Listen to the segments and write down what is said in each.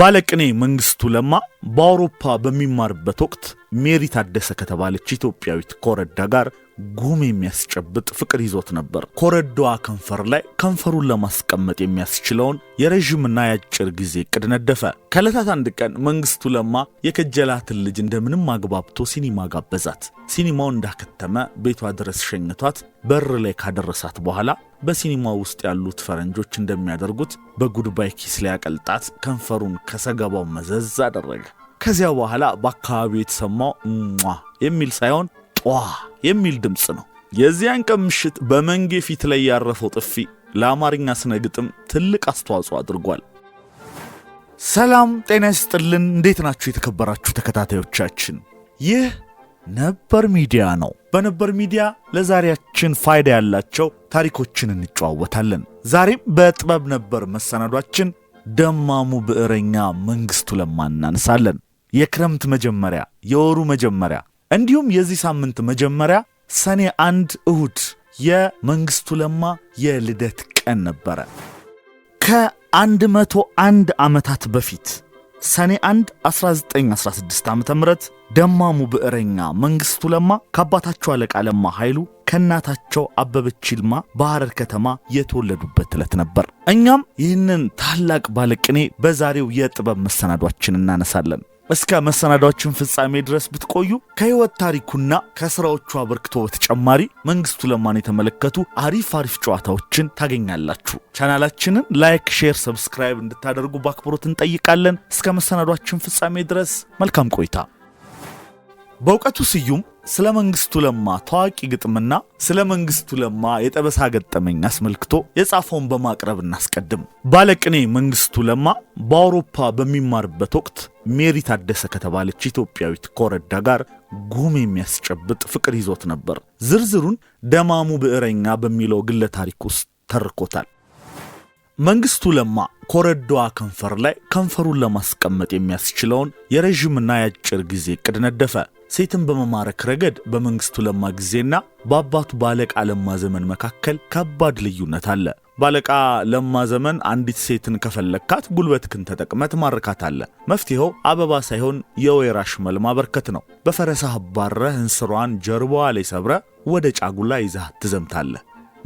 ባለቅኔ መንግስቱ ለማ በአውሮፓ በሚማርበት ወቅት ሜሪ ታደሰ ከተባለች ኢትዮጵያዊት ኮረዳ ጋር ጉም የሚያስጨብጥ ፍቅር ይዞት ነበር። ኮረዳዋ ከንፈር ላይ ከንፈሩን ለማስቀመጥ የሚያስችለውን የረዥምና የአጭር ጊዜ እቅድ ነደፈ። ከዕለታት አንድ ቀን መንግስቱ ለማ የከጀላትን ልጅ እንደምንም አግባብቶ ሲኒማ ጋበዛት። ሲኒማው እንዳከተመ ቤቷ ድረስ ሸኝቷት በር ላይ ካደረሳት በኋላ በሲኒማ ውስጥ ያሉት ፈረንጆች እንደሚያደርጉት በጉድባይ ኪስ ላይ ያቀልጣት ከንፈሩን ከሰገባው መዘዝ አደረገ። ከዚያ በኋላ በአካባቢው የተሰማው ሟ የሚል ሳይሆን ጧ የሚል ድምፅ ነው። የዚያን ቀን ምሽት በመንጌ ፊት ላይ ያረፈው ጥፊ ለአማርኛ ስነ ግጥም ትልቅ አስተዋጽኦ አድርጓል። ሰላም ጤና ይስጥልን። እንዴት ናችሁ የተከበራችሁ ተከታታዮቻችን? ይህ ነበር ሚዲያ ነው። በነበር ሚዲያ ለዛሬያችን ፋይዳ ያላቸው ታሪኮችን እንጨዋወታለን። ዛሬም በጥበብ ነበር መሰናዷችን ደማሙ ብዕረኛ መንግስቱ ለማ እናነሳለን። የክረምት መጀመሪያ፣ የወሩ መጀመሪያ እንዲሁም የዚህ ሳምንት መጀመሪያ ሰኔ አንድ እሁድ የመንግስቱ ለማ የልደት ቀን ነበረ። ከአንድ መቶ አንድ ዓመታት በፊት ሰኔ 1 1916 ዓ ም ደማሙ ብዕረኛ መንግሥቱ ለማ ከአባታቸው አለቃ ለማ ኃይሉ ከእናታቸው አበበች ይልማ በሐረር ከተማ የተወለዱበት ዕለት ነበር። እኛም ይህንን ታላቅ ባለቅኔ በዛሬው የጥበብ መሰናዷችን እናነሳለን። እስከ መሰናዷችን ፍጻሜ ድረስ ብትቆዩ ከህይወት ታሪኩና ከስራዎቹ አበርክቶ በተጨማሪ መንግስቱ ለማን የተመለከቱ አሪፍ አሪፍ ጨዋታዎችን ታገኛላችሁ። ቻናላችንን ላይክ፣ ሼር፣ ሰብስክራይብ እንድታደርጉ በአክብሮት እንጠይቃለን። እስከ መሰናዷችን ፍጻሜ ድረስ መልካም ቆይታ። በእውቀቱ ስዩም ስለ መንግስቱ ለማ ታዋቂ ግጥምና ስለ መንግስቱ ለማ የጠበሳ ገጠመኝ አስመልክቶ የጻፈውን በማቅረብ እናስቀድም። ባለቅኔ መንግስቱ ለማ በአውሮፓ በሚማርበት ወቅት ሜሪ ታደሰ ከተባለች ኢትዮጵያዊት ኮረዳ ጋር ጉም የሚያስጨብጥ ፍቅር ይዞት ነበር። ዝርዝሩን ደማሙ ብዕረኛ በሚለው ግለ ታሪክ ውስጥ ተርኮታል። መንግስቱ ለማ ኮረዳዋ ከንፈር ላይ ከንፈሩን ለማስቀመጥ የሚያስችለውን የረዥምና የአጭር ጊዜ እቅድ ነደፈ። ሴትን በመማረክ ረገድ በመንግስቱ ለማ ጊዜና በአባቱ ባለቃ ለማ ዘመን መካከል ከባድ ልዩነት አለ። ባለቃ ለማ ዘመን አንዲት ሴትን ከፈለግካት ጉልበትክን ትማርካት አለ። መፍትሄው አበባ ሳይሆን የወይራ ሽመል ማበርከት ነው። በፈረስህ አባረህ እንስሯን ጀርባዋ ላይ ሰብረ ወደ ጫጉላ ይዛ ትዘምታለ።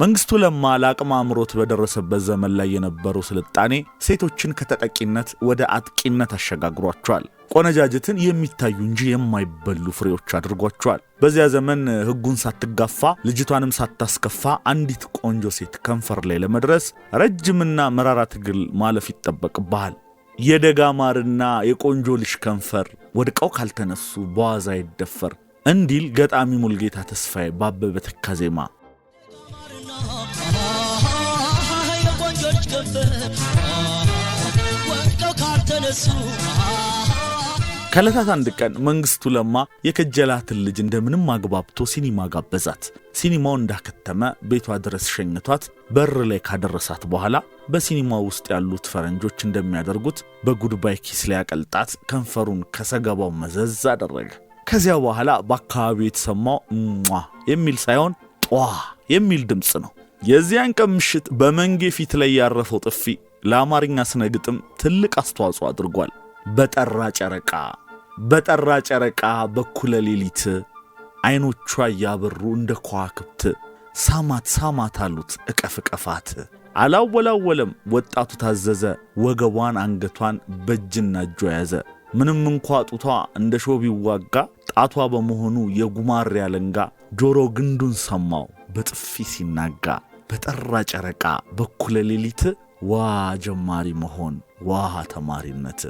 መንግስቱ ለማ ለአቅመ አምሮት በደረሰበት ዘመን ላይ የነበረው ስልጣኔ ሴቶችን ከተጠቂነት ወደ አጥቂነት አሸጋግሯቸዋል። ቆነጃጅትን የሚታዩ እንጂ የማይበሉ ፍሬዎች አድርጓቸዋል። በዚያ ዘመን ሕጉን ሳትጋፋ ልጅቷንም ሳታስከፋ አንዲት ቆንጆ ሴት ከንፈር ላይ ለመድረስ ረጅምና መራራ ትግል ማለፍ ይጠበቅብሃል። የደጋ ማርና የቆንጆ ልጅ ከንፈር ወድቀው ካልተነሱ በዋዛ ይደፈር እንዲል ገጣሚ ሙልጌታ ተስፋዬ ባበበ ተካ ዜማ ወድቀው ካልተነሱ ከዕለታት አንድ ቀን መንግስቱ ለማ የከጀላትን ልጅ እንደምንም አግባብቶ ሲኒማ ጋበዛት። ሲኒማው እንዳከተመ ቤቷ ድረስ ሸኝቷት በር ላይ ካደረሳት በኋላ በሲኒማ ውስጥ ያሉት ፈረንጆች እንደሚያደርጉት በጉድባይ ኪስ ላይ አቀልጣት ከንፈሩን ከሰገባው መዘዝ አደረገ። ከዚያ በኋላ በአካባቢው የተሰማው ሟ የሚል ሳይሆን ጧ የሚል ድምፅ ነው። የዚያን ቀን ምሽት በመንጌ ፊት ላይ ያረፈው ጥፊ ለአማርኛ ስነ ግጥም ትልቅ አስተዋጽኦ አድርጓል። በጠራ ጨረቃ በጠራ ጨረቃ በኩለ ሌሊት ዐይኖቿ እያበሩ እንደ ከዋክብት ሳማት ሳማት አሉት እቀፍ እቀፋት። አላወላወለም ወጣቱ ታዘዘ ወገቧን አንገቷን በእጅና እጇ ያዘ። ምንም እንኳ ጡቷ እንደ ሾህ ቢዋጋ ጣቷ በመሆኑ የጉማሬ አለንጋ ጆሮ ግንዱን ሰማው በጥፊ ሲናጋ። በጠራ ጨረቃ በኩለ ሌሊት ዋ ጀማሪ መሆን ዋ ተማሪነት።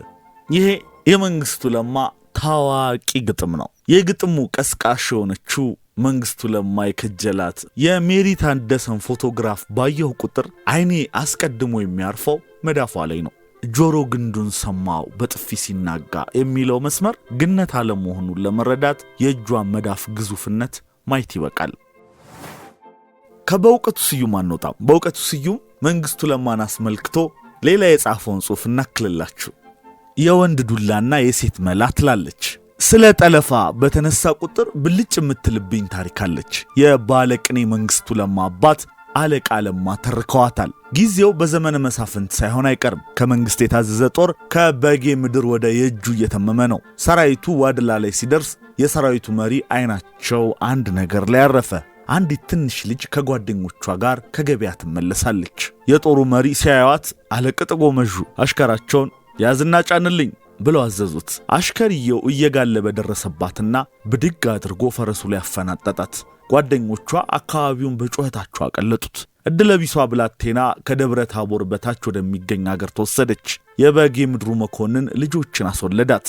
ይሄ የመንግሥቱ ለማ ታዋቂ ግጥም ነው። የግጥሙ ቀስቃሽ የሆነችው መንግስቱ ለማ የከጀላት የሜሪት ታደሰን ፎቶግራፍ ባየሁ ቁጥር አይኔ አስቀድሞ የሚያርፈው መዳፏ ላይ ነው። ጆሮ ግንዱን ሰማው በጥፊ ሲናጋ የሚለው መስመር ግነት አለመሆኑን ለመረዳት የእጇን መዳፍ ግዙፍነት ማየት ይበቃል። ከበእውቀቱ ስዩም አንወጣም። በእውቀቱ ስዩም መንግስቱ ለማን አስመልክቶ ሌላ የጻፈውን ጽሑፍ እናክልላችሁ። የወንድ ዱላና የሴት መላ ትላለች። ስለ ጠለፋ በተነሳ ቁጥር ብልጭ የምትልብኝ ታሪክ አለች። የባለቅኔ መንግስቱ ለማ አባት አለቃ ለማ ተርከዋታል። ጊዜው በዘመነ መሳፍንት ሳይሆን አይቀርም። ከመንግስት የታዘዘ ጦር ከበጌ ምድር ወደ የእጁ እየተመመ ነው። ሰራዊቱ ዋድላ ላይ ሲደርስ የሰራዊቱ መሪ አይናቸው አንድ ነገር ላይ ያረፈ። አንዲት ትንሽ ልጅ ከጓደኞቿ ጋር ከገበያ ትመለሳለች። የጦሩ መሪ ሲያዩዋት አለቅጥ ጎመዡ አሽከራቸውን ያዝና ጫንልኝ ብለው አዘዙት። አሽከርየው እየጋለበ ደረሰባትና ብድግ አድርጎ ፈረሱ ላይ አፈናጠጣት። ጓደኞቿ አካባቢውን በጩኸታቸው አቀለጡት። እድለቢሷ ብላቴና ከደብረ ታቦር በታች ወደሚገኝ አገር ተወሰደች። የበጌ ምድሩ መኮንን ልጆችን አስወለዳት።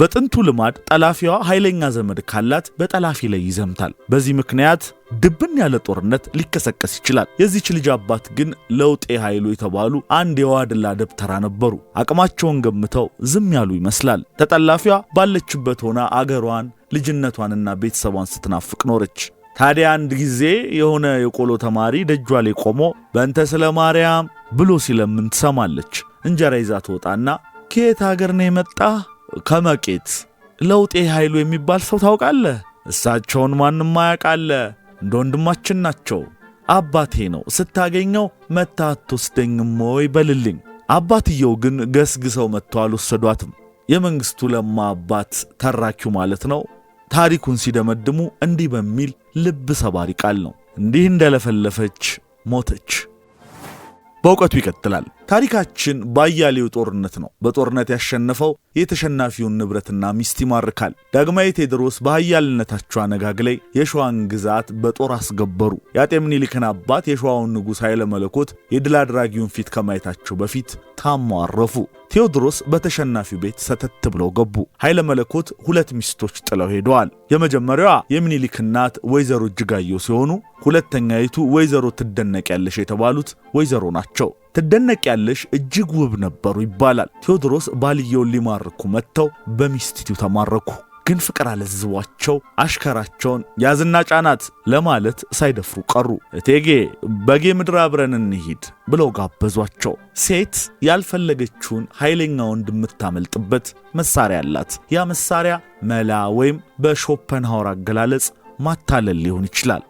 በጥንቱ ልማድ ጠላፊዋ ኃይለኛ ዘመድ ካላት በጠላፊ ላይ ይዘምታል። በዚህ ምክንያት ድብን ያለ ጦርነት ሊቀሰቀስ ይችላል። የዚች ልጅ አባት ግን ለውጤ ኃይሉ የተባሉ አንድ የዋድላ ደብተራ ነበሩ። አቅማቸውን ገምተው ዝም ያሉ ይመስላል። ተጠላፊዋ ባለችበት ሆና አገሯን ልጅነቷንና ቤተሰቧን ስትናፍቅ ኖረች። ታዲያ አንድ ጊዜ የሆነ የቆሎ ተማሪ ደጇ ላይ ቆሞ በእንተ ስለ ማርያም ብሎ ሲለምን ትሰማለች። እንጀራ ይዛ ትወጣና ከየት አገር ነው የመጣ? ከመቄት ለውጤ ኃይሉ የሚባል ሰው ታውቃለህ? እሳቸውን ማንም አያውቃለ እንደ ወንድማችን ናቸው። አባቴ ነው ስታገኘው መታ አትወስደኝም ወይ በልልኝ። አባትየው ግን ገስግሰው መጥተው አልወሰዷትም። የመንግሥቱ ለማ አባት ተራኪው ማለት ነው። ታሪኩን ሲደመድሙ እንዲህ በሚል ልብ ሰባሪ ቃል ነው እንዲህ እንደለፈለፈች ሞተች። በእውቀቱ ይቀጥላል። ታሪካችን ባያሌው ጦርነት ነው። በጦርነት ያሸነፈው የተሸናፊውን ንብረትና ሚስት ይማርካል። ዳግማዊ ቴዎድሮስ በኃያልነታቸው አነጋግላይ የሸዋን ግዛት በጦር አስገበሩ። የአጤ ምኒልክን አባት የሸዋውን ንጉሥ ኃይለ መለኮት የድል አድራጊውን ፊት ከማየታቸው በፊት ታመው አረፉ። ቴዎድሮስ በተሸናፊው ቤት ሰተት ብለው ገቡ። ኃይለ መለኮት ሁለት ሚስቶች ጥለው ሄደዋል። የመጀመሪያዋ የምኒልክ እናት ወይዘሮ እጅጋየው ሲሆኑ ሁለተኛይቱ ወይዘሮ ትደነቅ ያለሽ የተባሉት ወይዘሮ ናቸው። ትደነቅ ያለሽ እጅግ ውብ ነበሩ ይባላል። ቴዎድሮስ ባልየውን ሊማርኩ መጥተው በሚስቲቱ ተማረኩ። ግን ፍቅር አለዝቧቸው አሽከራቸውን ያዝና ጫናት ለማለት ሳይደፍሩ ቀሩ። እቴጌ በጌ ምድር አብረን እንሂድ ብለው ጋበዟቸው። ሴት ያልፈለገችውን ኃይለኛ ወንድ የምታመልጥበት መሳሪያ አላት። ያ መሳሪያ መላ ወይም በሾፐንሃወር አገላለጽ ማታለል ሊሆን ይችላል።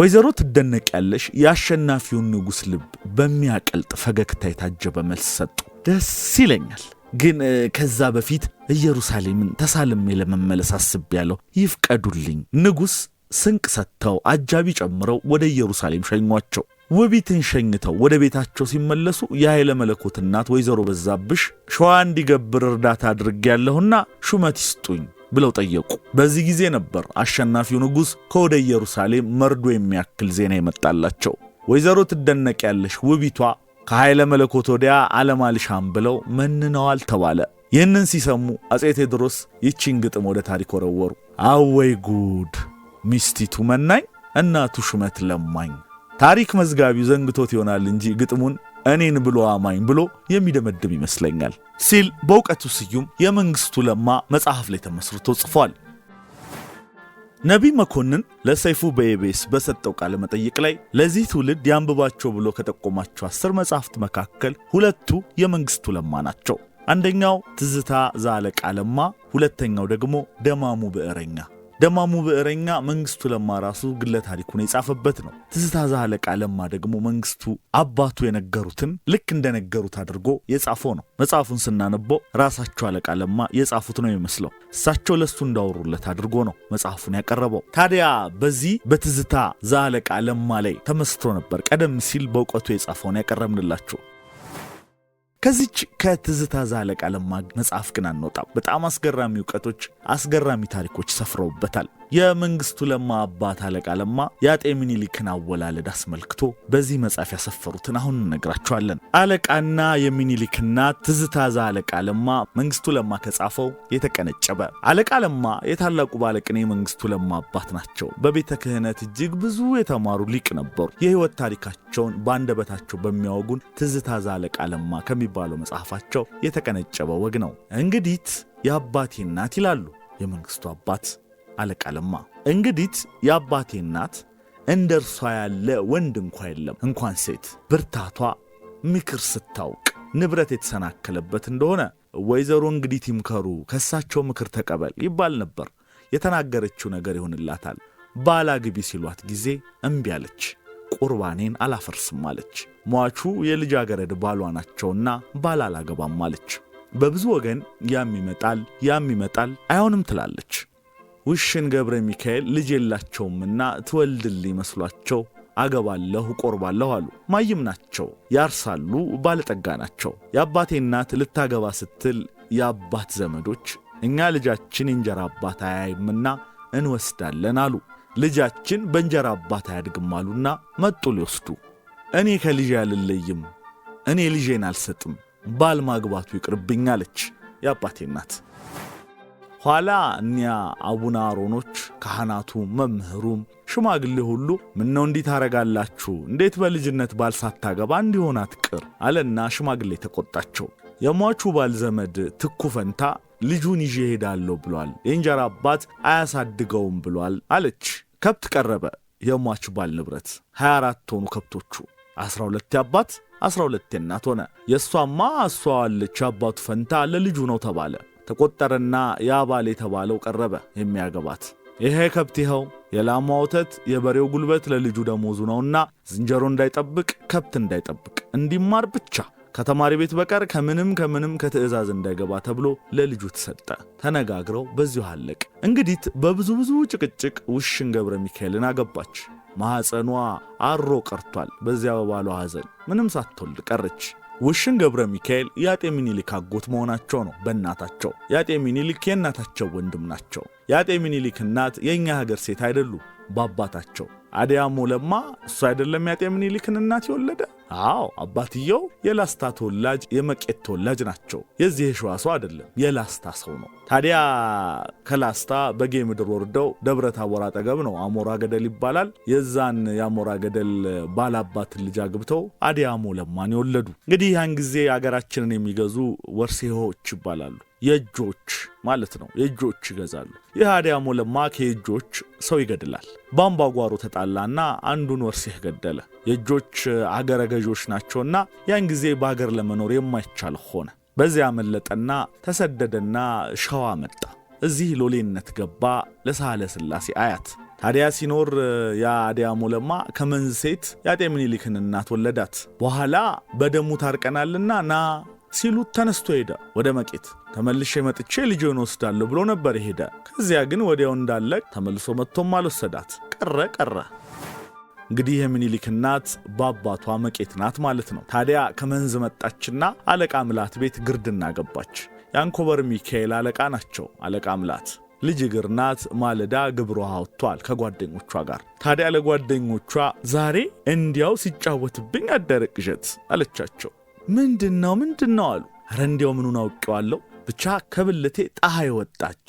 ወይዘሮ ትደነቂያለሽ የአሸናፊውን ንጉሥ ልብ በሚያቀልጥ ፈገግታ የታጀበ መልስ ሰጡ። ደስ ይለኛል፣ ግን ከዛ በፊት ኢየሩሳሌምን ተሳልሜ ለመመለስ ያለው ይፍቀዱልኝ። ንጉሥ ስንቅ ሰጥተው አጃቢ ጨምረው ወደ ኢየሩሳሌም ሸኟቸው። ውቢትን ሸኝተው ወደ ቤታቸው ሲመለሱ የኃይለ መለኮት እናት ወይዘሮ በዛብሽ ሸዋ እንዲገብር እርዳታ ያለሁና ሹመት ይስጡኝ ብለው ጠየቁ። በዚህ ጊዜ ነበር አሸናፊው ንጉሥ ከወደ ኢየሩሳሌም መርዶ የሚያክል ዜና የመጣላቸው። ወይዘሮ ትደነቅ ያለሽ ውቢቷ ከኃይለ መለኮት ወዲያ አለማልሻም ብለው መንነዋል ተባለ። ይህንን ሲሰሙ አጼ ቴዎድሮስ ይቺን ግጥም ወደ ታሪክ ወረወሩ። አወይ ጉድ! ሚስቲቱ መናኝ፣ እናቱ ሹመት ለማኝ። ታሪክ መዝጋቢው ዘንግቶት ይሆናል እንጂ ግጥሙን እኔን ብሎ አማኝ ብሎ የሚደመድም ይመስለኛል ሲል በእውቀቱ ስዩም የመንግሥቱ ለማ መጽሐፍ ላይ ተመስርቶ ጽፏል። ነቢይ መኮንን ለሰይፉ በኢቢኤስ በሰጠው ቃለ መጠይቅ ላይ ለዚህ ትውልድ ያንብባቸው ብሎ ከጠቆማቸው አስር መጽሐፍት መካከል ሁለቱ የመንግሥቱ ለማ ናቸው። አንደኛው ትዝታ ዛለቃለማ ለማ፣ ሁለተኛው ደግሞ ደማሙ ብዕረኛ ደማሙ ብዕረኛ መንግስቱ ለማ ራሱ ግለ ታሪኩን የጻፈበት ነው። ትዝታዛ አለቃ ለማ ደግሞ መንግስቱ አባቱ የነገሩትን ልክ እንደነገሩት አድርጎ የጻፈው ነው። መጽሐፉን ስናነበው ራሳቸው አለቃ ለማ የጻፉት ነው የሚመስለው። እሳቸው ለሱ እንዳወሩለት አድርጎ ነው መጽሐፉን ያቀረበው። ታዲያ በዚህ በትዝታ ዛለቃ ለማ ላይ ተመስቶ ነበር ቀደም ሲል በእውቀቱ የጻፈውን ያቀረብንላችሁ። ከዚች ከትዝታ ዛለቃ ለማ መጽሐፍ ግን አንወጣም። በጣም አስገራሚ እውቀቶች፣ አስገራሚ ታሪኮች ሰፍረውበታል። የመንግስቱ ለማ አባት አለቃ ለማ የአጤ ምኒልክን አወላለድ አስመልክቶ በዚህ መጽሐፍ ያሰፈሩትን አሁን እነግራችኋለን። አለቃና የሚኒሊክና ትዝታዛ አለቃ ለማ መንግስቱ ለማ ከጻፈው የተቀነጨበ። አለቃ ለማ የታላቁ ባለቅኔ መንግስቱ ለማ አባት ናቸው። በቤተ ክህነት እጅግ ብዙ የተማሩ ሊቅ ነበሩ። የህይወት ታሪካቸውን በአንደበታቸው በሚያወጉን ትዝታዛ አለቃ ለማ ከሚባለው መጽሐፋቸው የተቀነጨበ ወግ ነው። እንግዲት የአባቴ እናት ይላሉ የመንግስቱ አባት አለቃ ለማ። እንግዲት የአባቴ እናት እንደ እርሷ ያለ ወንድ እንኳ የለም፣ እንኳን ሴት። ብርታቷ ምክር ስታውቅ ንብረት የተሰናከለበት እንደሆነ ወይዘሮ እንግዲት ይምከሩ፣ ከእሳቸው ምክር ተቀበል ይባል ነበር። የተናገረችው ነገር ይሆንላታል። ግቢ ሲሏት ጊዜ እምቢ አለች። ቁርባኔን አላፈርስም አለች። ሟቹ የልጃገረድ ባሏ ናቸውና ባላ አላገባም አለች። በብዙ ወገን ያም ይመጣል ያም ይመጣል አይሆንም ትላለች። ውሽን ገብረ ሚካኤል ልጅ የላቸውምና ትወልድልኝ መስሏቸው አገባለሁ ቆርባለሁ አሉ። ማይም ናቸው፣ ያርሳሉ፣ ባለጠጋ ናቸው። የአባቴ እናት ልታገባ ስትል የአባት ዘመዶች እኛ ልጃችን የእንጀራ አባት አያይምና እንወስዳለን አሉ። ልጃችን በእንጀራ አባት አያድግም አሉና መጡ ሊወስዱ። እኔ ከልጄ አልለይም፣ እኔ ልጄን አልሰጥም፣ ባል ማግባቱ ይቅርብኝ አለች የአባቴ እናት። ኋላ እኒያ አቡነ አሮኖች ካህናቱ፣ መምህሩም፣ ሽማግሌ ሁሉ ምነው እንዲህ ታረጋላችሁ? እንዴት በልጅነት ባል ሳታገባ እንዲሆን አትቅር አለና ሽማግሌ ተቆጣቸው። የሟቹ ባል ዘመድ ትኩ ፈንታ ልጁን ይዤ እሄዳለሁ ብሏል፣ የእንጀራ አባት አያሳድገውም ብሏል አለች። ከብት ቀረበ። የሟች ባል ንብረት 24 ሆኑ ከብቶቹ 12 አባት 12 እናት ሆነ። የእሷማ እሷ አለች፣ የአባቱ ፈንታ ለልጁ ነው ተባለ። ተቆጠረና ያ ባል የተባለው ቀረበ የሚያገባት ይሄ ከብት ይኸው የላሟ ወተት የበሬው ጉልበት ለልጁ ደሞዙ ነውና ዝንጀሮ እንዳይጠብቅ ከብት እንዳይጠብቅ እንዲማር ብቻ ከተማሪ ቤት በቀር ከምንም ከምንም ከትዕዛዝ እንዳይገባ ተብሎ ለልጁ ተሰጠ። ተነጋግረው በዚሁ አለቅ። እንግዲት በብዙ ብዙ ጭቅጭቅ ውሽን ገብረ ሚካኤልን አገባች። ማኅፀኗ አሮ ቀርቷል። በዚያ በባሏ ሐዘን ምንም ሳትወልድ ቀረች። ውሽን ገብረ ሚካኤል የአጤ ሚኒሊክ አጎት መሆናቸው ነው በእናታቸው። የአጤ ሚኒሊክ የእናታቸው ወንድም ናቸው። የአጤ ሚኒሊክ እናት የእኛ ሀገር ሴት አይደሉም፣ በአባታቸው አድያሞ ለማ እሱ አይደለም ያጤ ምኒልክን እናት የወለደ? አዎ አባትየው የላስታ ተወላጅ የመቄት ተወላጅ ናቸው። የዚህ የሸዋ ሰው አይደለም፣ የላስታ ሰው ነው። ታዲያ ከላስታ በጌ ምድር ወርደው ደብረ ታቦር አጠገብ ነው አሞራ ገደል ይባላል። የዛን የአሞራ ገደል ባላባትን ልጅ አግብተው አዲያሞ ለማን የወለዱ። እንግዲህ ያን ጊዜ አገራችንን የሚገዙ ወርሴዎች ይባላሉ። የእጆች ማለት ነው። የእጆች ይገዛሉ። ይህ አዲያሞ ለማክ የእጆች ሰው ይገድላል። በአምባጓሮ ተጣላና አንዱን ወርሲህ ገደለ። የእጆች አገረ ገዦች ናቸውና ያን ጊዜ በአገር ለመኖር የማይቻል ሆነ። በዚያ መለጠና ተሰደደና ሸዋ መጣ። እዚህ ሎሌነት ገባ ለሳህለ ስላሴ አያት። ታዲያ ሲኖር የአዲያ ሞለማ ከመንዝ ሴት የአጤ ምኒልክን እናት ወለዳት። በኋላ በደሙ ታርቀናልና ና ሲሉት ተነስቶ ሄደ ወደ መቄት። ተመልሼ መጥቼ ልጅን ወስዳለሁ ብሎ ነበር ሄደ። ከዚያ ግን ወዲያው እንዳለ ተመልሶ መጥቶም አልወሰዳት ቀረ ቀረ። እንግዲህ የሚኒሊክ እናት በአባቷ መቄት ናት ማለት ነው። ታዲያ ከመንዝ መጣችና አለቃ ምላት ቤት ግርድና ገባች። የአንኮበር ሚካኤል አለቃ ናቸው አለቃ ምላት ልጅ ግርናት ማለዳ ግብሮ ወጥቷል ከጓደኞቿ ጋር። ታዲያ ለጓደኞቿ ዛሬ እንዲያው ሲጫወትብኝ አደረ ቅዠት አለቻቸው። ምንድን ነው ምንድን ነው አሉ። ኧረ እንዲያው ምኑን አውቄዋለሁ ብቻ ከብልቴ ፀሐይ ወጣች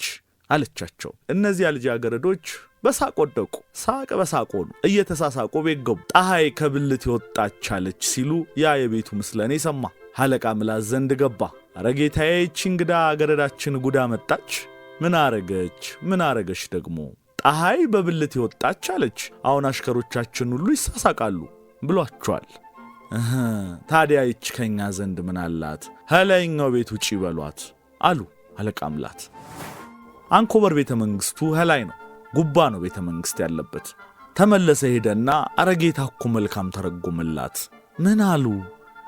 አለቻቸው። እነዚያ ልጃገረዶች በሳቅ ወደቁ። ሳቅ በሳቅ ሆኑ። እየተሳሳቁ ቤት ገቡ። ፀሐይ ከብልቴ ወጣች አለች ሲሉ ያ የቤቱ ምስለኔ ሰማ። አለቃ ምላስ ዘንድ ገባ። ኧረ ጌታዬ ይቺ እንግዳ ገረዳችን ጉዳ መጣች። ምን አረገች? ምን አረገች ደግሞ ፀሐይ በብልቴ ወጣች አለች። አሁን አሽከሮቻችን ሁሉ ይሳሳቃሉ ብሏቸዋል። ታዲያ ይች ከኛ ዘንድ ምን አላት? ከላይኛው ቤት ውጪ በሏት አሉ አለቃ አንኮበር ቤተ መንግሥቱ ከላይ ነው፣ ጉባ ነው ቤተ መንግሥት ያለበት። ተመለሰ ሄደና አረጌታ እኮ መልካም ተረጎምላት። ምን አሉ?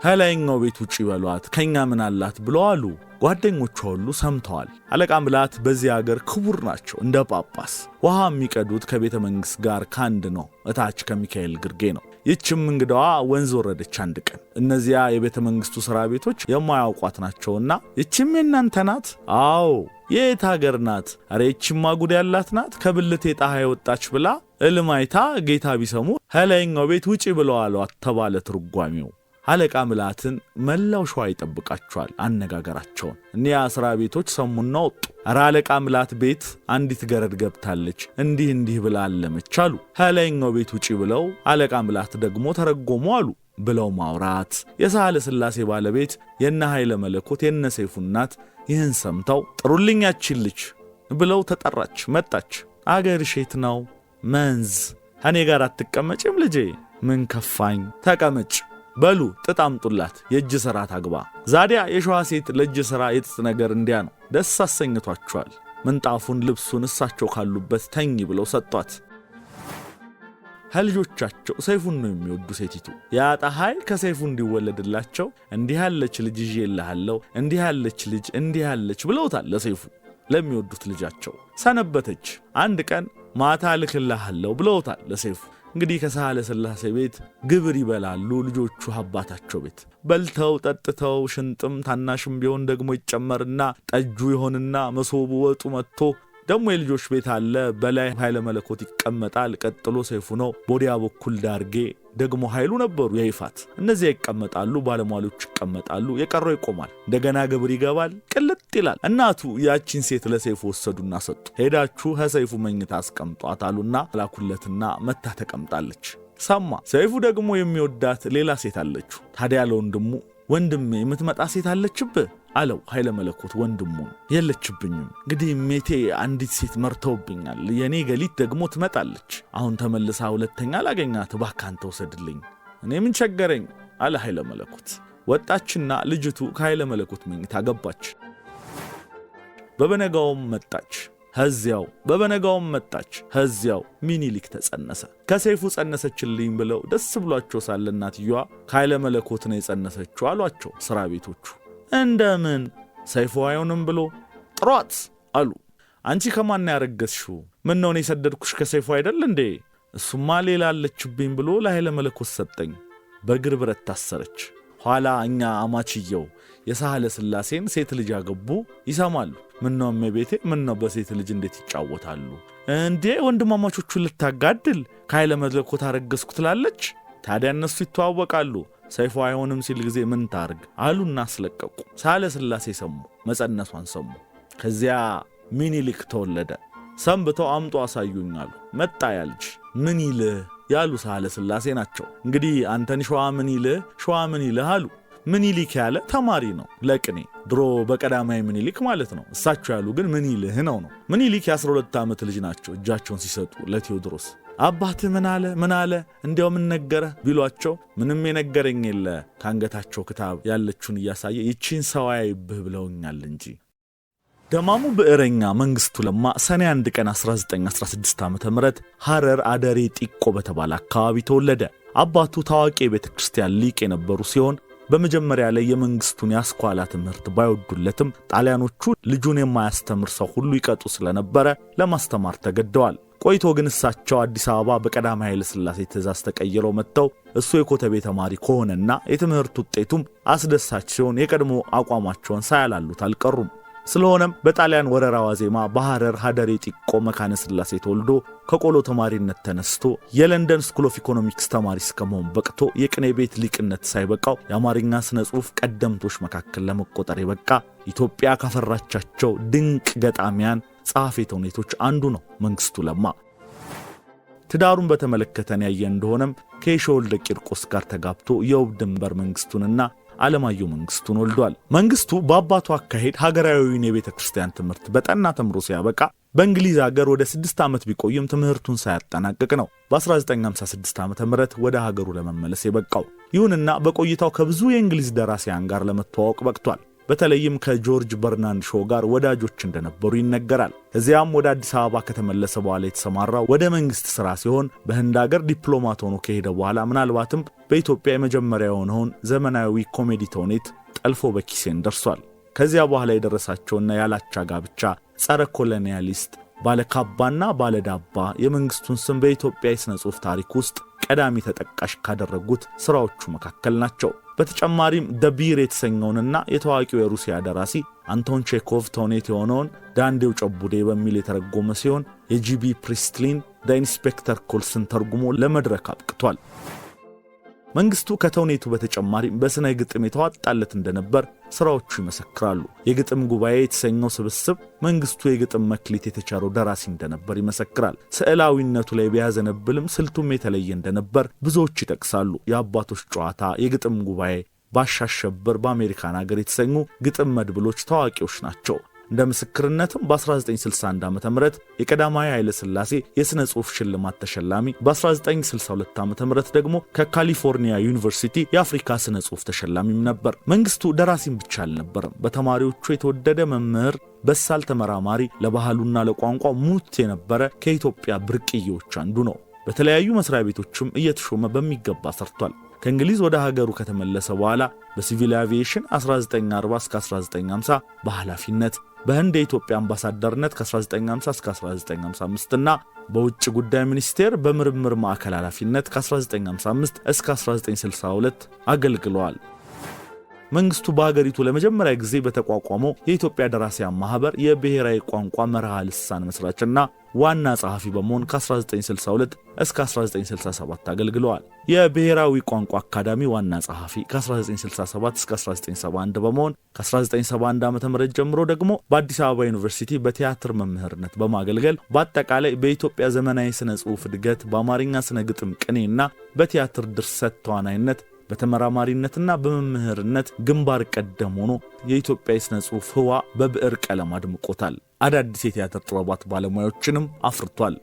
ከላይኛው ቤት ውጪ በሏት ከኛ ምን አላት ብለው አሉ። ጓደኞቿ ሁሉ ሰምተዋል። አለቃ ምላት በዚህ አገር ክቡር ናቸው፣ እንደ ጳጳስ። ውሃ የሚቀዱት ከቤተ መንግሥት ጋር ከአንድ ነው፣ እታች ከሚካኤል ግርጌ ነው። ይችም እንግዳዋ ወንዝ ወረደች። አንድ ቀን እነዚያ የቤተ መንግስቱ ሥራ ቤቶች የማያውቋት ናቸውና ይችም የእናንተ ናት? አዎ የየት ሀገር ናት? አረ ይችማ ጉድ ያላት ናት፣ ከብልቴ የጣሃ የወጣች ብላ እልማይታ ጌታ ቢሰሙ ከላይኛው ቤት ውጪ ብለዋለዋት ተባለ ትርጓሚው። አለቃ ምላትን መላው ሸዋ ይጠብቃቸዋል። አነጋገራቸውን እኒያ እስራ ቤቶች ሰሙና ወጡ። እረ አለቃ ምላት ቤት አንዲት ገረድ ገብታለች እንዲህ እንዲህ ብላ አለመች አሉ። ከላይኛው ቤት ውጪ ብለው አለቃ ምላት ደግሞ ተረጎሙ አሉ ብለው ማውራት የሳህለ ሥላሴ ባለቤት የነ ኃይለ መለኮት የነ ሰይፉ እናት ይህን ሰምተው ጥሩልኛችን ልጅ ብለው ተጠራች። መጣች። አገር ሼት ነው መንዝ እኔ ጋር አትቀመጭም ልጄ? ምን ከፋኝ ተቀመጭ በሉ ጥጥ አምጡላት የእጅ ሥራ ታግባ። ዛዲያ የሸዋ ሴት ለእጅ ሥራ የጥጥ ነገር እንዲያ ነው። ደስ አሰኝቷቸዋል። ምንጣፉን፣ ልብሱን እሳቸው ካሉበት ተኝ ብለው ሰጧት። ከልጆቻቸው ሰይፉን ነው የሚወዱ። ሴቲቱ ያ ጠሐይ ከሰይፉ እንዲወለድላቸው እንዲህ ያለች ልጅ ይዤልሃለሁ፣ እንዲህ ያለች ልጅ እንዲህ ያለች ብለውታል ለሰይፉ ለሚወዱት ልጃቸው። ሰነበተች። አንድ ቀን ማታ ልክልሃለሁ ብለውታል ለሰይፉ እንግዲህ ከሳህለ ሥላሴ ቤት ግብር ይበላሉ ልጆቹ አባታቸው ቤት በልተው ጠጥተው ሽንጥም ታናሽም ቢሆን ደግሞ ይጨመርና ጠጁ ይሆንና መሶቡ ወጡ መጥቶ ደግሞ የልጆች ቤት አለ። በላይ ኃይለ መለኮት ይቀመጣል። ቀጥሎ ሰይፉ ነው። በወዲያ በኩል ዳርጌ ደግሞ ኃይሉ ነበሩ የይፋት። እነዚያ ይቀመጣሉ፣ ባለሟሎች ይቀመጣሉ። የቀረው ይቆማል። እንደገና ግብር ይገባል። ቅልጥ ይላል። እናቱ ያቺን ሴት ለሰይፉ ወሰዱና ሰጡ። ሄዳችሁ ከሰይፉ መኝታ አስቀምጧት አሉና ላኩለትና መታ ተቀምጣለች። ሰማ። ሰይፉ ደግሞ የሚወዳት ሌላ ሴት አለችው። ታዲያ ለወንድሙ ወንድሜ የምትመጣ ሴት አለችብህ አለው ኃይለ መለኮት ወንድሙን። የለችብኝም፣ እንግዲህ ሜቴ አንዲት ሴት መርተውብኛል። የእኔ ገሊት ደግሞ ትመጣለች። አሁን ተመልሳ ሁለተኛ አላገኛ እባክህ ተውሰድልኝ። እኔ ምን ቸገረኝ አለ ኃይለ መለኮት። ወጣችና ልጅቱ ከኃይለ መለኮት መኝታ ገባች። በበነጋውም መጣች። ከዚያው በበነጋውም መጣች፣ ከዚያው ሚኒሊክ ተጸነሰ። ከሰይፉ ጸነሰችልኝ ብለው ደስ ብሏቸው ሳለ እናትየዋ ከኃይለ መለኮት ነው የጸነሰችው አሏቸው ሥራ ቤቶቹ። እንደምን ሰይፉ አይሆንም ብሎ ጥሯት አሉ። አንቺ ከማን ያረገዝሽው? ምን ነውን የሰደድኩሽ ከሰይፉ አይደል እንዴ? እሱማ ሌላ አለችብኝ ብሎ ለኃይለ መለኮት ሰጠኝ። በእግር ብረት ታሰረች። ኋላ እኛ አማችየው የሳህለ ስላሴን ሴት ልጅ ያገቡ ይሰማሉ። ምነው እመቤቴ፣ ምነው በሴት ልጅ እንዴት ይጫወታሉ እንዴ? ወንድማማቾቹን ልታጋድል ከኃይለ መድረኮ አረገዝኩ ትላለች። ታዲያ እነሱ ይተዋወቃሉ። ሰይፎ አይሆንም ሲል ጊዜ ምን ታርግ አሉና አስለቀቁ። ሳህለ ስላሴ ሰሙ፣ መጸነሷን ሰሙ። ከዚያ ሚኒሊክ ተወለደ። ሰንብተው አምጦ አሳዩኝ አሉ። መጣ ያልጅ ምን ይልህ ያሉ ሳህለ ስላሴ ናቸው። እንግዲህ አንተን ሸዋ ምን ይልህ ሸዋ ምን ይልህ አሉ። ምኒልክ ያለ ተማሪ ነው ለቅኔ ድሮ በቀዳማዊ ምኒልክ ማለት ነው። እሳቸው ያሉ ግን ይልህ ነው ነው። ምኒልክ የ12 ዓመት ልጅ ናቸው እጃቸውን ሲሰጡ ለቴዎድሮስ አባትህ ምን አለ ምን አለ እንዲያው ምን ነገረ ቢሏቸው ምንም የነገረኝ የለ ከአንገታቸው ክታብ ያለችውን እያሳየ ይቺን ሰው አይብህ ብለውኛል እንጂ ደማሙ ብዕረኛ መንግስቱ ለማ ሰኔ 1 ቀን 1916 ዓ ም ሐረር አደሬ ጢቆ በተባለ አካባቢ ተወለደ። አባቱ ታዋቂ የቤተ ክርስቲያን ሊቅ የነበሩ ሲሆን በመጀመሪያ ላይ የመንግስቱን የአስኳላ ትምህርት ባይወዱለትም ጣሊያኖቹ ልጁን የማያስተምር ሰው ሁሉ ይቀጡ ስለነበረ ለማስተማር ተገደዋል። ቆይቶ ግን እሳቸው አዲስ አበባ በቀዳማዊ ኃይለ ሥላሴ ትእዛዝ ተቀይረው መጥተው እሱ የኮተቤ ተማሪ ከሆነና የትምህርት ውጤቱም አስደሳች ሲሆን የቀድሞ አቋማቸውን ሳያላሉት አልቀሩም። ስለሆነም በጣሊያን ወረራ ዋዜማ በሐረር ሀደሬ ጢቆ መካነ ስላሴ ተወልዶ ከቆሎ ተማሪነት ተነስቶ የለንደን ስኩል ኦፍ ኢኮኖሚክስ ተማሪ እስከመሆን በቅቶ የቅኔ ቤት ሊቅነት ሳይበቃው የአማርኛ ስነ ጽሑፍ ቀደምቶች መካከል ለመቆጠር የበቃ ኢትዮጵያ ካፈራቻቸው ድንቅ ገጣሚያን ጸሐፌ ተውኔቶች አንዱ ነው መንግሥቱ ለማ። ትዳሩን በተመለከተን ያየ እንደሆነም ከየሸወልደ ቂርቆስ ጋር ተጋብቶ የውብ ድንበር መንግሥቱንና አለማየሁ መንግስቱን ወልዷል። መንግስቱ በአባቱ አካሄድ ሀገራዊውን የቤተ ክርስቲያን ትምህርት በጠና ተምሮ ሲያበቃ በእንግሊዝ ሀገር ወደ ስድስት ዓመት ቢቆይም ትምህርቱን ሳያጠናቅቅ ነው በ1956 ዓ ም ወደ ሀገሩ ለመመለስ የበቃው። ይሁንና በቆይታው ከብዙ የእንግሊዝ ደራሲያን ጋር ለመተዋወቅ በቅቷል። በተለይም ከጆርጅ በርናንድ ሾ ጋር ወዳጆች እንደነበሩ ይነገራል። እዚያም ወደ አዲስ አበባ ከተመለሰ በኋላ የተሰማራው ወደ መንግሥት ሥራ ሲሆን በህንድ አገር ዲፕሎማት ሆኖ ከሄደ በኋላ ምናልባትም በኢትዮጵያ የመጀመሪያ የሆነውን ዘመናዊ ኮሜዲ ተውኔት ጠልፎ በኪሴን ደርሷል። ከዚያ በኋላ የደረሳቸውና ያላቻ ጋብቻ፣ ጸረ ኮሎኒያሊስት ባለካባና ባለዳባ የመንግስቱን ስም በኢትዮጵያ የሥነ ጽሑፍ ታሪክ ውስጥ ቀዳሚ ተጠቃሽ ካደረጉት ሥራዎቹ መካከል ናቸው። በተጨማሪም ደቢር የተሰኘውንና የታዋቂው የሩሲያ ደራሲ አንቶን ቼኮቭ ተውኔት የሆነውን ዳንዴው ጨቡዴ በሚል የተረጎመ ሲሆን የጂቢ ፕሪስትሊን ዳ ኢንስፔክተር ኮልስን ተርጉሞ ለመድረክ አብቅቷል። መንግስቱ ከተውኔቱ በተጨማሪ በስነ ግጥም የተዋጣለት እንደነበር ስራዎቹ ይመሰክራሉ። የግጥም ጉባኤ የተሰኘው ስብስብ መንግስቱ የግጥም መክሊት የተቻለው ደራሲ እንደነበር ይመሰክራል። ስዕላዊነቱ ላይ ቢያዘነብልም ስልቱም የተለየ እንደነበር ብዙዎች ይጠቅሳሉ። የአባቶች ጨዋታ፣ የግጥም ጉባኤ ባሻሸብር በአሜሪካን ሀገር የተሰኙ ግጥም መድብሎች ታዋቂዎች ናቸው። እንደ ምስክርነትም በ1961 ዓ ም የቀዳማዊ ኃይለ ሥላሴ የሥነ ጽሑፍ ሽልማት ተሸላሚ፣ በ1962 ዓ ም ደግሞ ከካሊፎርኒያ ዩኒቨርሲቲ የአፍሪካ ሥነ ጽሑፍ ተሸላሚም ነበር። መንግሥቱ ደራሲም ብቻ አልነበረም፤ በተማሪዎቹ የተወደደ መምህር በሳል ተመራማሪ፣ ለባህሉና ለቋንቋ ሙት የነበረ ከኢትዮጵያ ብርቅዬዎች አንዱ ነው። በተለያዩ መስሪያ ቤቶችም እየተሾመ በሚገባ ሰርቷል። ከእንግሊዝ ወደ ሀገሩ ከተመለሰ በኋላ በሲቪል አቪዬሽን 1940 እስከ 1950 በኃላፊነት በህንድ የኢትዮጵያ አምባሳደርነት ከ1950 እስከ 1955 እና በውጭ ጉዳይ ሚኒስቴር በምርምር ማዕከል ኃላፊነት ከ1955 እስከ 1962 አገልግለዋል። መንግስቱ በሀገሪቱ ለመጀመሪያ ጊዜ በተቋቋመው የኢትዮጵያ ደራሲያን ማህበር የብሔራዊ ቋንቋ መርሃ ልሳን መስራችና ዋና ጸሐፊ በመሆን ከ1962 እስከ 1967 አገልግለዋል። የብሔራዊ ቋንቋ አካዳሚ ዋና ጸሐፊ ከ1967 እስከ 1971 በመሆን ከ1971 ዓ ም ጀምሮ ደግሞ በአዲስ አበባ ዩኒቨርሲቲ በቲያትር መምህርነት በማገልገል በአጠቃላይ በኢትዮጵያ ዘመናዊ ስነ ጽሑፍ እድገት በአማርኛ ስነ ግጥም ቅኔና በቲያትር ድርሰት ተዋናይነት በተመራማሪነትና በመምህርነት ግንባር ቀደም ሆኖ የኢትዮጵያ የሥነ ጽሑፍ ህዋ በብዕር ቀለም አድምቆታል። አዳዲስ የቲያትር ጥበባት ባለሙያዎችንም አፍርቷል።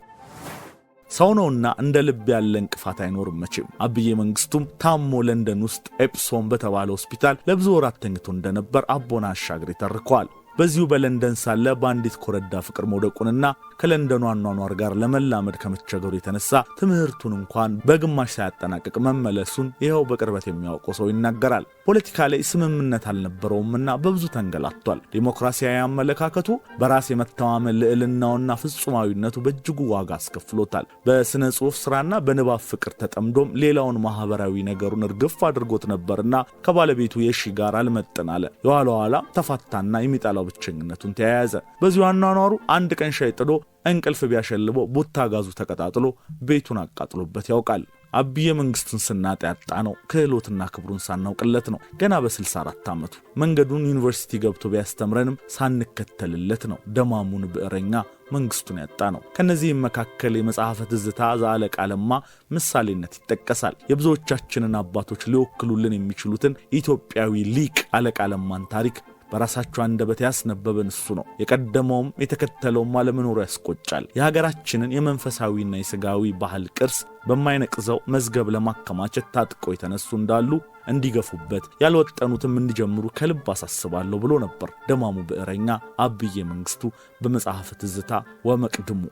ሰው ነውና እንደ ልብ ያለ እንቅፋት አይኖርም መቼም። አብዬ መንግስቱም ታሞ ለንደን ውስጥ ኤፕሶን በተባለ ሆስፒታል ለብዙ ወራት ተኝቶ እንደነበር አቦና አሻግሬ ተርከዋል። በዚሁ በለንደን ሳለ በአንዲት ኮረዳ ፍቅር መውደቁንና ከለንደኑ አኗኗር ጋር ለመላመድ ከመቸገሩ የተነሳ ትምህርቱን እንኳን በግማሽ ሳያጠናቅቅ መመለሱን ይኸው በቅርበት የሚያውቀው ሰው ይናገራል። ፖለቲካ ላይ ስምምነት አልነበረውምና በብዙ ተንገላቷል። ዲሞክራሲያዊ አመለካከቱ፣ በራስ የመተማመን ልዕልናውና ፍጹማዊነቱ በእጅጉ ዋጋ አስከፍሎታል። በሥነ ጽሑፍ ሥራና በንባብ ፍቅር ተጠምዶም ሌላውን ማኅበራዊ ነገሩን እርግፍ አድርጎት ነበርና ከባለቤቱ የሺ ጋር አልመጥን አለ። የኋላ ኋላ ተፋታና የሚጣላው ብቸኝነቱን ተያያዘ። በዚሁ አኗኗሩ አንድ ቀን ሻይ ጥዶ እንቅልፍ ቢያሸልበው ቦታ ጋዙ ተቀጣጥሎ ቤቱን አቃጥሎበት ያውቃል። አብየ መንግስትን ስናጣ ያጣ ነው ክህሎትና ክብሩን ሳናውቅለት ነው። ገና በ64 ዓመቱ መንገዱን ዩኒቨርሲቲ ገብቶ ቢያስተምረንም ሳንከተልለት ነው ደማሙን ብዕረኛ መንግስቱን ያጣ ነው። ከነዚህም መካከል የመጽሐፈ ትዝታ ዘአለቃ ለማ ምሳሌነት ይጠቀሳል። የብዙዎቻችንን አባቶች ሊወክሉልን የሚችሉትን ኢትዮጵያዊ ሊቅ አለቃ ለማን ታሪክ በራሳቸው አንደበት ያስነበበን እሱ ነው። የቀደመውም የተከተለውም አለመኖሩ ያስቆጫል። የሀገራችንን የመንፈሳዊና የሥጋዊ ባህል ቅርስ በማይነቅዘው መዝገብ ለማከማቸት ታጥቀው የተነሱ እንዳሉ እንዲገፉበት ያልወጠኑትም እንዲጀምሩ ከልብ አሳስባለሁ ብሎ ነበር ደማሙ ብዕረኛ አብዬ መንግስቱ በመጽሐፍ ትዝታ ወመቅድሙ።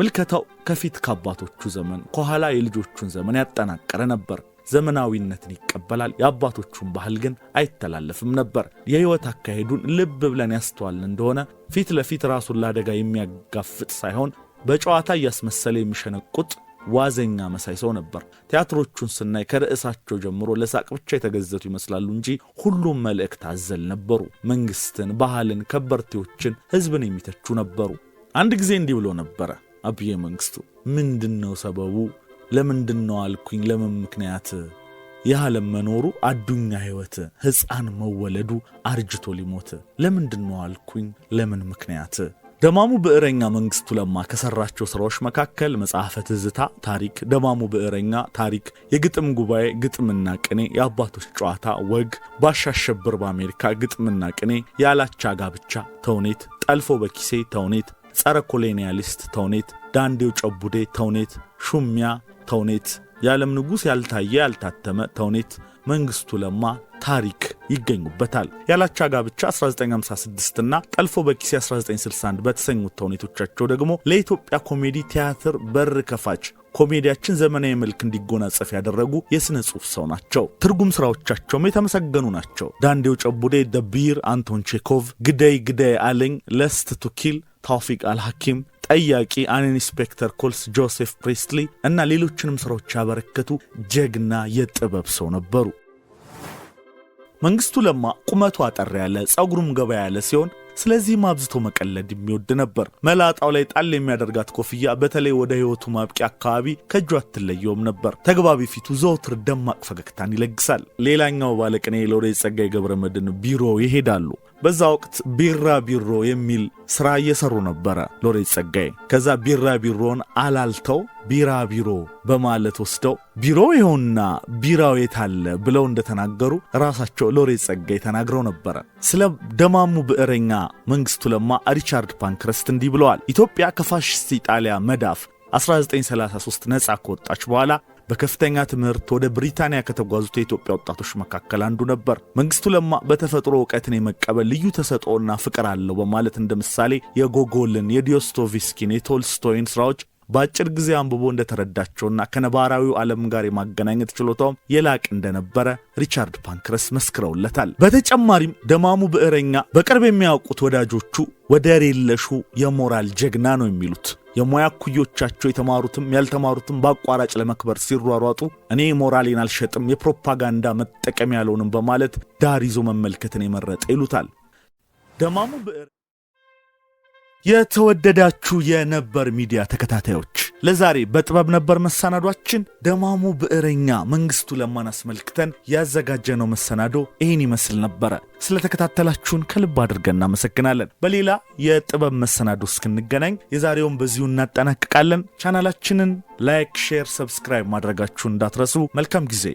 ምልከታው ከፊት ከአባቶቹ ዘመን ከኋላ የልጆቹን ዘመን ያጠናቀረ ነበር። ዘመናዊነትን ይቀበላል፣ የአባቶቹን ባህል ግን አይተላለፍም ነበር። የሕይወት አካሄዱን ልብ ብለን ያስተዋልን እንደሆነ ፊት ለፊት ራሱን ለአደጋ የሚያጋፍጥ ሳይሆን በጨዋታ እያስመሰለ የሚሸነቁጥ ዋዘኛ መሳይ ሰው ነበር። ቲያትሮቹን ስናይ ከርዕሳቸው ጀምሮ ለሳቅ ብቻ የተገዘቱ ይመስላሉ እንጂ ሁሉም መልእክት አዘል ነበሩ። መንግስትን፣ ባህልን፣ ከበርቴዎችን፣ ህዝብን የሚተቹ ነበሩ። አንድ ጊዜ እንዲህ ብሎ ነበረ አብዬ መንግስቱ ምንድን ነው ሰበቡ ለምንድን ነው አልኩኝ ለምን ምክንያት ይህ መኖሩ አዱኛ ሕይወት ሕፃን መወለዱ አርጅቶ ሊሞት ለምንድን ነው አልኩኝ ለምን ምክንያት ደማሙ ብዕረኛ መንግስቱ ለማ ከሰራቸው ስራዎች መካከል መጽሐፈ ትዝታ ታሪክ፣ ደማሙ ብዕረኛ ታሪክ፣ የግጥም ጉባኤ ግጥምና ቅኔ፣ የአባቶች ጨዋታ ወግ፣ ባሻሸብር በአሜሪካ ግጥምና ቅኔ፣ ያላቻ ጋብቻ ተውኔት፣ ጠልፎ በኪሴ ተውኔት፣ ጸረ ኮሎኒያሊስት ተውኔት፣ ዳንዴው ጨቡዴ ተውኔት፣ ሹሚያ ተውኔት፣ የዓለም ንጉሥ ያልታየ ያልታተመ ተውኔት፣ መንግሥቱ ለማ ታሪክ ይገኙበታል። ያላቻ ጋብቻ 1956 እና ጠልፎ በኪሴ 1961 በተሰኙት ተውኔቶቻቸው ደግሞ ለኢትዮጵያ ኮሜዲ ቲያትር በር ከፋች ኮሜዲያችን ዘመናዊ መልክ እንዲጎናጸፍ ያደረጉ የሥነ ጽሑፍ ሰው ናቸው። ትርጉም ሥራዎቻቸውም የተመሰገኑ ናቸው። ዳንዴው ጨቡዴ፣ ደቢር፣ አንቶን ቼኮቭ፣ ግደይ ግደይ አለኝ፣ ለስት ቱኪል ታውፊቅ አልሐኪም ጠያቂ አን ኢንስፔክተር ኮልስ ጆሴፍ ፕሪስትሊ እና ሌሎችንም ሥራዎች ያበረከቱ ጀግና የጥበብ ሰው ነበሩ። መንግሥቱ ለማ ቁመቱ አጠር ያለ ጸጉሩም ገባ ያለ ሲሆን ስለዚህም አብዝቶ መቀለድ የሚወድ ነበር። መላጣው ላይ ጣል የሚያደርጋት ኮፍያ በተለይ ወደ ሕይወቱ ማብቂያ አካባቢ ከእጁ አትለየውም ነበር። ተግባቢ ፊቱ ዘውትር ደማቅ ፈገግታን ይለግሳል። ሌላኛው ባለቅኔ ሎሬት ጸጋዬ ገብረ መድን ቢሮ ይሄዳሉ። በዛ ወቅት ቢራቢሮ የሚል ስራ እየሰሩ ነበረ ሎሬት ጸጋዬ። ከዛ ቢራቢሮን አላልተው ቢራቢሮ በማለት ወስደው ቢሮ ይኸውና ቢራው የታለ ብለው እንደተናገሩ ራሳቸው ሎሬት ጸጋዬ ተናግረው ነበረ። ስለ ደማሙ ብዕረኛ መንግስቱ ለማ ሪቻርድ ፓንክረስት እንዲህ ብለዋል። ኢትዮጵያ ከፋሽስት ኢጣሊያ መዳፍ 1933 ነጻ ከወጣች በኋላ በከፍተኛ ትምህርት ወደ ብሪታንያ ከተጓዙት የኢትዮጵያ ወጣቶች መካከል አንዱ ነበር። መንግስቱ ለማ በተፈጥሮ እውቀትን የመቀበል ልዩ ተሰጥኦና ፍቅር አለው በማለት እንደ ምሳሌ የጎጎልን፣ የዲዮስቶቪስኪን፣ የቶልስቶይን ስራዎች በአጭር ጊዜ አንብቦ እንደተረዳቸውና ከነባራዊው ዓለም ጋር የማገናኘት ችሎታውም የላቅ እንደነበረ ሪቻርድ ፓንክረስ መስክረውለታል። በተጨማሪም ደማሙ ብዕረኛ በቅርብ የሚያውቁት ወዳጆቹ ወደር የለሹ የሞራል ጀግና ነው የሚሉት የሙያ ኩዮቻቸው የተማሩትም ያልተማሩትም በአቋራጭ ለመክበር ሲሯሯጡ እኔ ሞራሌን አልሸጥም የፕሮፓጋንዳ መጠቀሚያ ያለውንም በማለት ዳር ይዞ መመልከትን የመረጠ ይሉታል ደማሙ ብዕር የተወደዳችሁ የነበር ሚዲያ ተከታታዮች ለዛሬ በጥበብ ነበር መሰናዷችን ደማሙ ብዕረኛ መንግስቱ ለማን አስመልክተን ያዘጋጀነው መሰናዶ ይህን ይመስል ነበረ። ስለተከታተላችሁን ከልብ አድርገን እናመሰግናለን። በሌላ የጥበብ መሰናዶ እስክንገናኝ የዛሬውን በዚሁ እናጠናቅቃለን። ቻናላችንን ላይክ፣ ሼር፣ ሰብስክራይብ ማድረጋችሁን እንዳትረሱ። መልካም ጊዜ